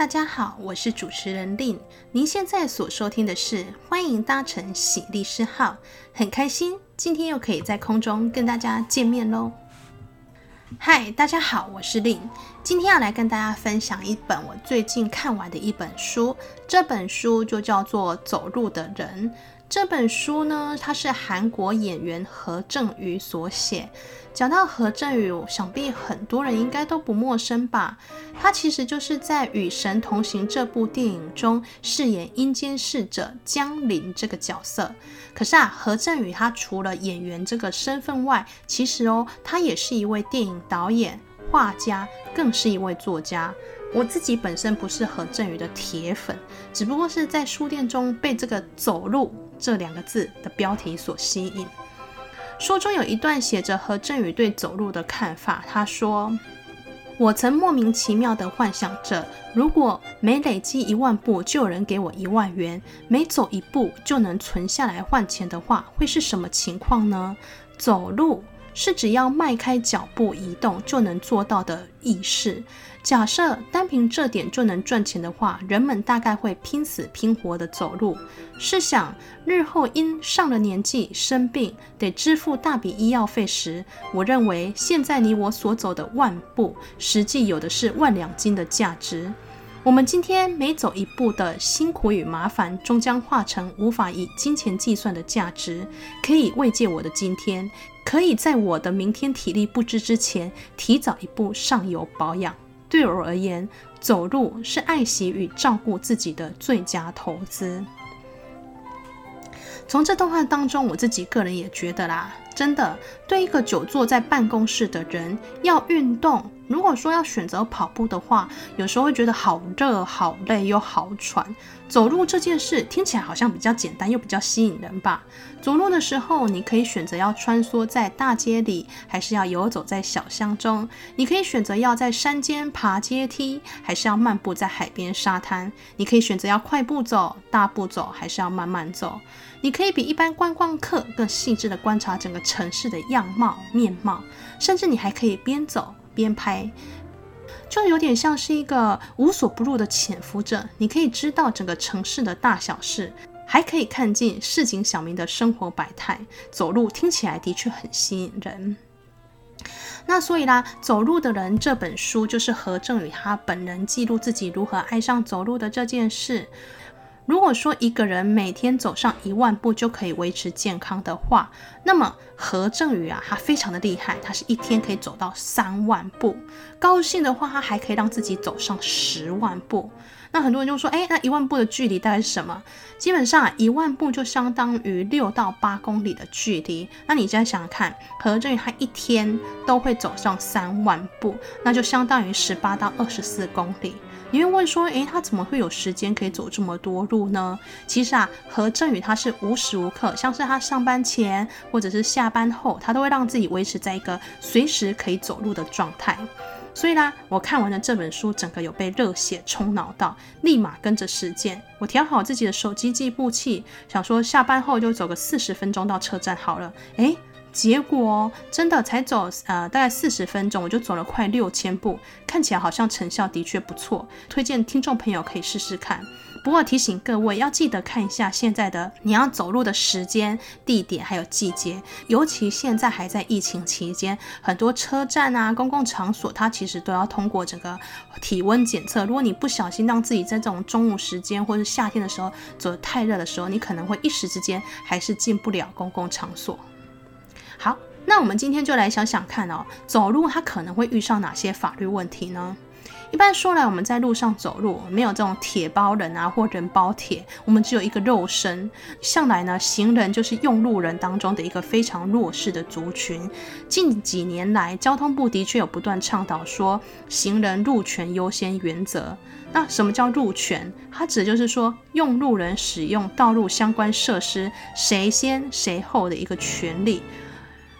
大家好，我是主持人 Lynne。您現在所收聽的是《歡迎搭乘喜利斯號》，很開心今天又可以在空中跟大家見面嘍。嗨，大家好，我是 Lynne。今天要來跟大家分享一本我最近看完的一本書，這本書就叫做《走路的人》。這本書呢，它是韓國演員河正宇所寫。講到河正宇，想必很多人應該都不陌生吧？他其實就是在《與神同行》這部電影中飾演陰間使者江林這個角色。可是啊，河正宇他除了演員這個身份外，其實哦，他也是一位電影導演、畫家，更是一位作家。我自己本身不是河正宇的鐵粉，只不過是在書店中被這個走路。這兩個字的標題所吸引。書中有一段寫着河正宇對走路的看法，他說：“我曾莫名其妙地幻想着，如果每累積一萬步就有人給我一萬元，每走一步就能存下來換錢的話，會是什麼情況呢？走路是只要邁開腳步移動就能做到的易事。假設單憑這點就能賺錢的話，人們大概會拼死拼活地走路。試想，日後因上了年紀生病得支付大筆醫藥費時，我認為現在你我所走的萬步，實際有的是萬兩金的價值。我們今天每走一步的辛苦與麻煩，終將化成無法以金錢計算的價值，可以慰藉我的今天，可以在我的明天體力不支之前，提早一步上油保養。對我而言，走路是愛惜與照顧自己的最佳投資。從這段話當中，我自己個人也覺得啦。真的，對一個久坐在辦公室的人要運動。如果說要選擇跑步的話，有時候會覺得好熱、好累又好喘。走路這件事聽起來好像比較簡單又比較吸引人吧？走路的時候，你可以選擇要穿梭在大街裡，還是要游走在小巷中；你可以選擇要在山間爬階梯，還是要漫步在海邊沙灘；你可以選擇要快步走、大步走，還是要慢慢走。你可以比一般觀光客更細緻的觀察整個。城市的樣貌面貌，甚至你還可以邊走邊拍，就有點像是一個無所不入的潛伏者。你可以知道整個城市的大小事，還可以看見市井小民的生活百態。走路聽起來的確很吸引人。那所以啦，《走路的人》這本書就是河正宇他本人記錄自己如何愛上走路的這件事。如果說一個人每天走上一萬步就可以維持健康的話，那麼河正宇啊，他非常的厲害，他是一天可以走到三萬步。高興的話，他還可以讓自己走上十萬步。那很多人就說，哎，那一萬步的距離大概是什麼？基本上啊，一萬步就相當於六到八公里的距離。那你現在想想看，河正宇他一天都會走上三萬步，那就相當於十八到二十四公里。你會問說，誒，他怎麼會有時間可以走這麼多路呢？其實啊，河正宇他是無時無刻，像是他上班前或者是下班後，他都會讓自己維持在一個隨時可以走路的狀態。所以呢，我看完了這本書，整個有被熱血衝腦到，立馬跟着實踐。我調好自己的手機計步器，想說下班後就走個四十分鐘到車站好了。誒結果真的才走呃、大概四十分鐘，我就走了快六千步，看起來好像成效的確不錯，推薦聽眾朋友可以試試看。不過提醒各位要記得看一下現在的你要走路的時間、地點還有季節，尤其現在還在疫情期間，很多車站啊，公共場所它其實都要通過整個體溫檢測。如果你不小心讓自己在這種中午時間或是夏天的時候走得太熱的時候，你可能會一時之間還是進不了公共場所。好，那我們今天就來想想看哦，走路它可能會遇上哪些法律問題呢？一般說來，我們在路上走路，沒有這種鐵包人啊或人包鐵，我們只有一個肉身。向來呢，行人就是用路人當中的一個非常弱勢的族群。近幾年來，交通部的確有不斷倡導說，行人路權優先原則。那什麼叫路權？它指的就是說，用路人使用道路相關設施，誰先誰後的一個權利。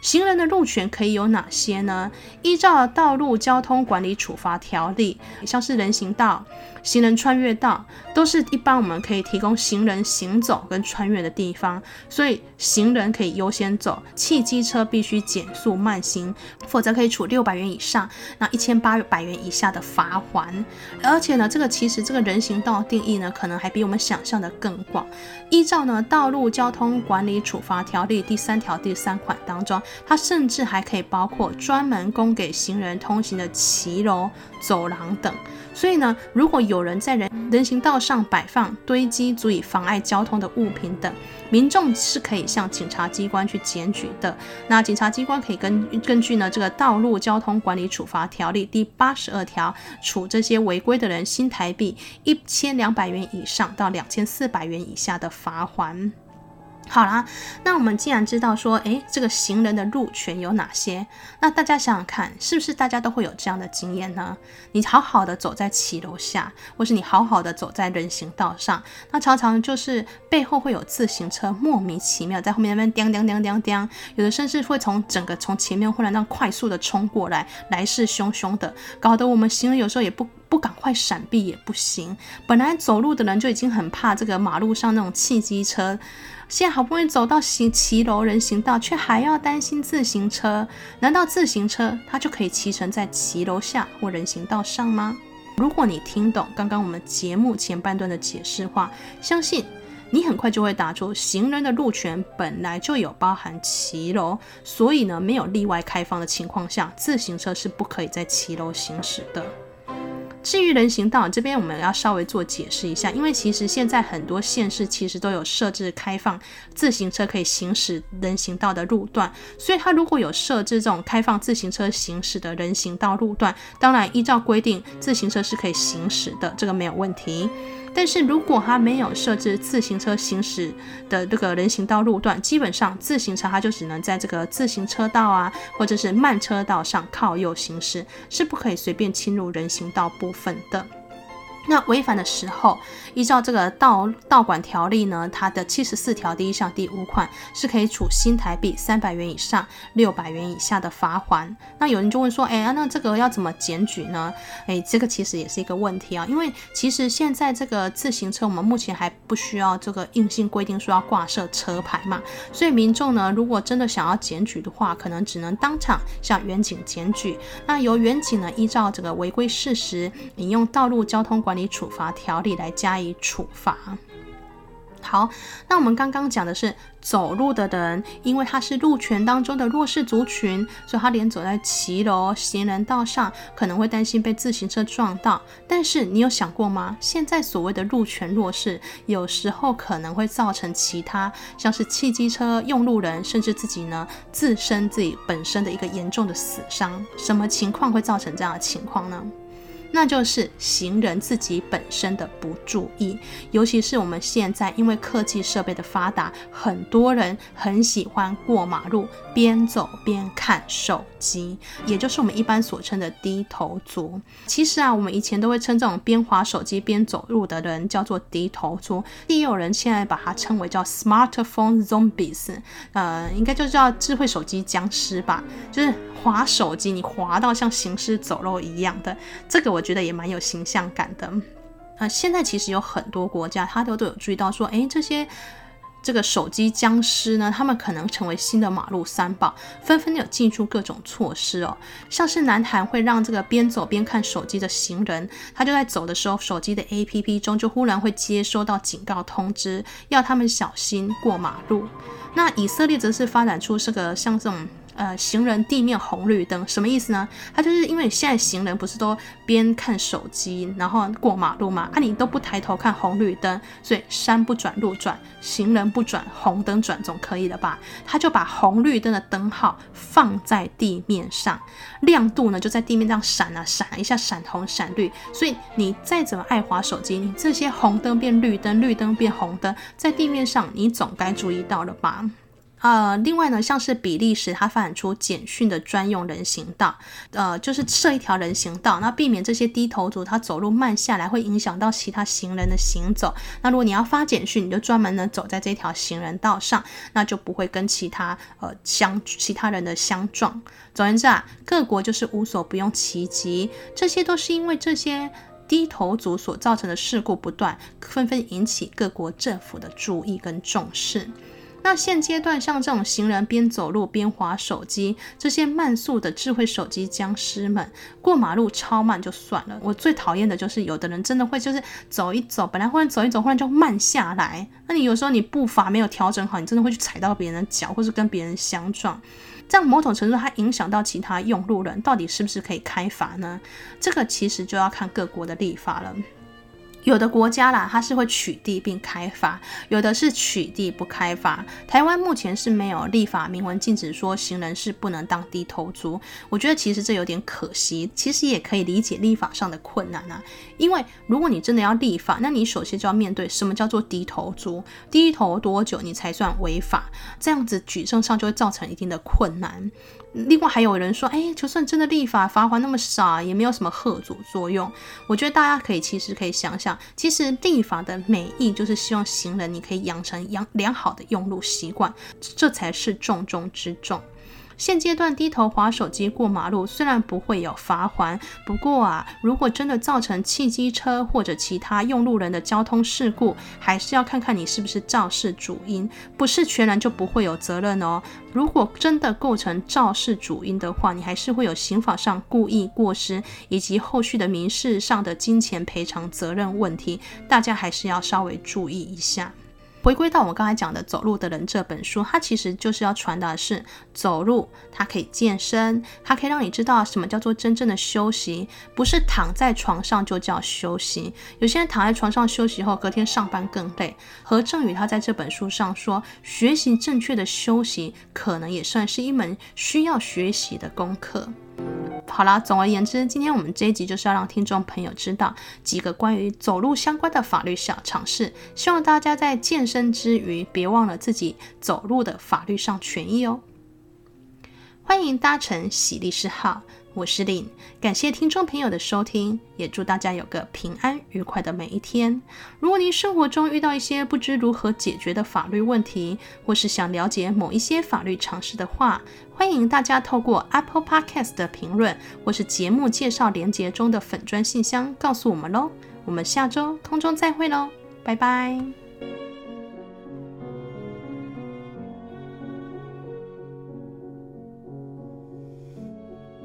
行人的路權可以有哪些呢？依照《道路交通管理處罰條例》，像是人行道、行人穿越道都是一般我們可以提供行人行走跟穿越的地方，所以行人可以優先走，汽機車必須減速慢行，否則可以處六百元以上，那一千八百元以下的罰鍰。而且呢，這個其實這個人行道的定義呢，可能還比我們想象的更廣。依照呢《道路交通管理處罰條例》第三條第三款當中，它甚至還可以包括專門供給行人通行的騎樓、走廊等。所以呢，如果有有人在人人行道上擺放堆積足以妨礙交通的物品等，民眾是可以向警察機關去檢舉的。那警察機關可以根根據呢這個《道路交通管理處罰條例》第八十二條，處這些違規的人新台幣一千兩百元以上到兩千四百元以下的罰鍰。好啦，那我們既然知道說，誒，這個行人的路權有哪些？那大家想想看，是不是大家都會有這樣的經驗呢？你好好的走在騎樓下，或是你好好的走在人行道上，那常常就是背後會有自行車莫名其妙在後面那邊嘆嘆嘆嘆嘆嘆，有的甚至會從整個從前面忽然那樣快速的衝過來，來勢洶洶的，搞得我們行人有時候也不。不趕快閃避也不行。本來走路的人就已經很怕這個馬路上那種汽機車，現在好不容易走到行騎樓人行道，卻還要擔心自行車。難道自行車它就可以騎乘在騎樓下或人行道上嗎？如果你聽懂剛剛我們節目前半段的解釋話，相信你很快就會答出，行人的路權本來就有包含騎樓，所以呢，沒有例外開放的情況下，自行車是不可以在騎樓行駛的。至於人行道這邊，我們要稍微做解釋一下，因為其實現在很多縣市其實都有設置開放自行車可以行駛人行道的路段，所以它如果有設置這種開放自行車行駛的人行道路段，當然依照規定，自行車是可以行駛的，這個沒有問題。但是如果它沒有設置自行車行駛的這個人行道路段，基本上自行車它就只能在這個自行車道啊，或者是慢車道上靠右行駛，是不可以隨便侵入人行道部分的。那違反的時候，依照這個道道管條例呢，它的七十四條第一項第五款是可以處新台幣三百元以上六百元以下的罰鍰。那有人就問說，哎，那這個要怎麼檢舉呢？哎，這個其實也是一個問題啊，因為其實現在這個自行車，我們目前還不需要這個硬性規定說要掛設車牌嘛，所以民眾呢，如果真的想要檢舉的話，可能只能當場向員警檢舉，那由員警呢依照這個違規事實，引用道路交通管理以處罰條例來加以處罰。好，那我們剛剛講的是走路的人，因為他是路權當中的弱勢族群，所以他連走在騎樓、行人道上，可能會擔心被自行車撞到。但是你有想過嗎？現在所謂的路權弱勢，有時候可能會造成其他，像是汽機車、用路人，甚至自己呢，自身自己本身的一個嚴重的死傷。什麼情況會造成這樣的情況呢？那就是行人自己本身的不注意，尤其是我們現在因為科技設備的發達，很多人很喜歡過馬路，邊走邊看手機，也就是我們一般所稱的低頭族。其實啊，我們以前都會稱這種邊滑手機邊走路的人叫做低頭族，也有人現在把它稱為叫 smartphone zombies，呃，應該就叫智慧手機僵屍吧，就是滑手機，你滑到像行屍走肉一樣的這個我。我覺得也蠻有形象感的。啊、呃，現在其實有很多國家，他都都有注意到說，誒，這些這個手機僵屍呢，他們可能成為新的馬路三寶，紛紛有進駐各種措施哦。像是南韓會讓這個邊走邊看手機的行人，他就在走的時候，手機的 APP 中就忽然會接收到警告通知，要他們小心過馬路。那以色列則是發展出這個像這種。呃，行人地面紅綠燈什麼意思呢？它就是因為現在行人不是都邊看手機然後過馬路嘛，啊，你都不抬頭看紅綠燈，所以山不轉路轉，行人不轉紅燈轉總可以了吧？他就把紅綠燈的燈號放在地面上，亮度呢就在地面上閃啊閃一下，閃紅閃綠，所以你再怎麼愛滑手機，你這些紅燈變綠燈，綠燈變紅燈，在地面上你總該注意到了吧？呃，另外呢，像是比利時，它發展出簡訊的專用人行道，呃，就是設一條人行道，那避免這些低頭族他走路慢下來，會影響到其他行人的行走。那如果你要發簡訊，你就專門呢走在這條行人道上，那就不會跟其他呃相其他人的相撞。總而言之啊，各國就是無所不用其極，這些都是因為這些低頭族所造成的事故不斷，紛紛引起各國政府的注意跟重視。那現階段，像這種行人邊走路邊滑手機，這些慢速的智慧手機僵屍們過馬路超慢就算了。我最討厭的就是，有的人真的會就是走一走，本來忽然走一走，忽然就慢下來。那你有時候你步伐沒有調整好，你真的會去踩到別人的腳，或是跟別人相撞。這樣某種程度它影響到其他用路人，到底是不是可以開罰呢？這個其實就要看各國的立法了。.有的國家啦，它是會取締並開罰；有的是取締不開罰。台灣目前是沒有立法明文禁止說行人是不能當低頭族。我覺得其實這有點可惜，其實也可以理解立法上的困難啊。因為如果你真的要立法，那你首先就要面對什麼叫做低頭族，低頭多久你才算違法？這樣子舉證上就會造成一定的困難。另外還有人說，誒、欸、就算真的立法罰鍰，那麼少，也沒有什麼嚇阻作用。我覺得大家可以其實可以想想，其實立法的美意就是希望行人你可以養成良好的用路習慣，這才是重中之重。現階段低頭滑手機過馬路，雖然不會有罰鍰，不過啊,如果真的造成汽機車或者其他用路人的交通事故，還是要看看你是不是肇事主因，不是全然就不會有責任哦。如果真的構成肇事主因的話，你還是會有刑法上故意過失，以及後續的民事上的金錢賠償責任問題，大家還是要稍微注意一下。回歸到我們剛才講的《走路的人》這本書，它其實就是要傳達的是走路，它可以健身，它可以讓你知道什麼叫做真正的休息，不是躺在床上就叫休息。有些人躺在床上休息後，隔天上班更累。河正宇他在這本書上說，學習正確的休息，可能也算是一門需要學習的功課。好了，總而言之，今天我們這一集就是要讓聽眾朋友知道幾個關於走路相關的法律小常識，希望大家在健身之餘，別忘了自己走路的法律上權益哦。歡迎搭乘喜力士號。我是林，感謝聽眾朋友的收聽，也祝大家有個平安愉快的每一天。如果您生活中遇到一些不知如何解決的法律問題，或是想了解某一些法律常識的話，歡迎大家透過 Apple Podcast 的評論，或是節目介紹鏈接中的粉專信箱告訴我們嘍。我們下周空中再會嘍，拜拜。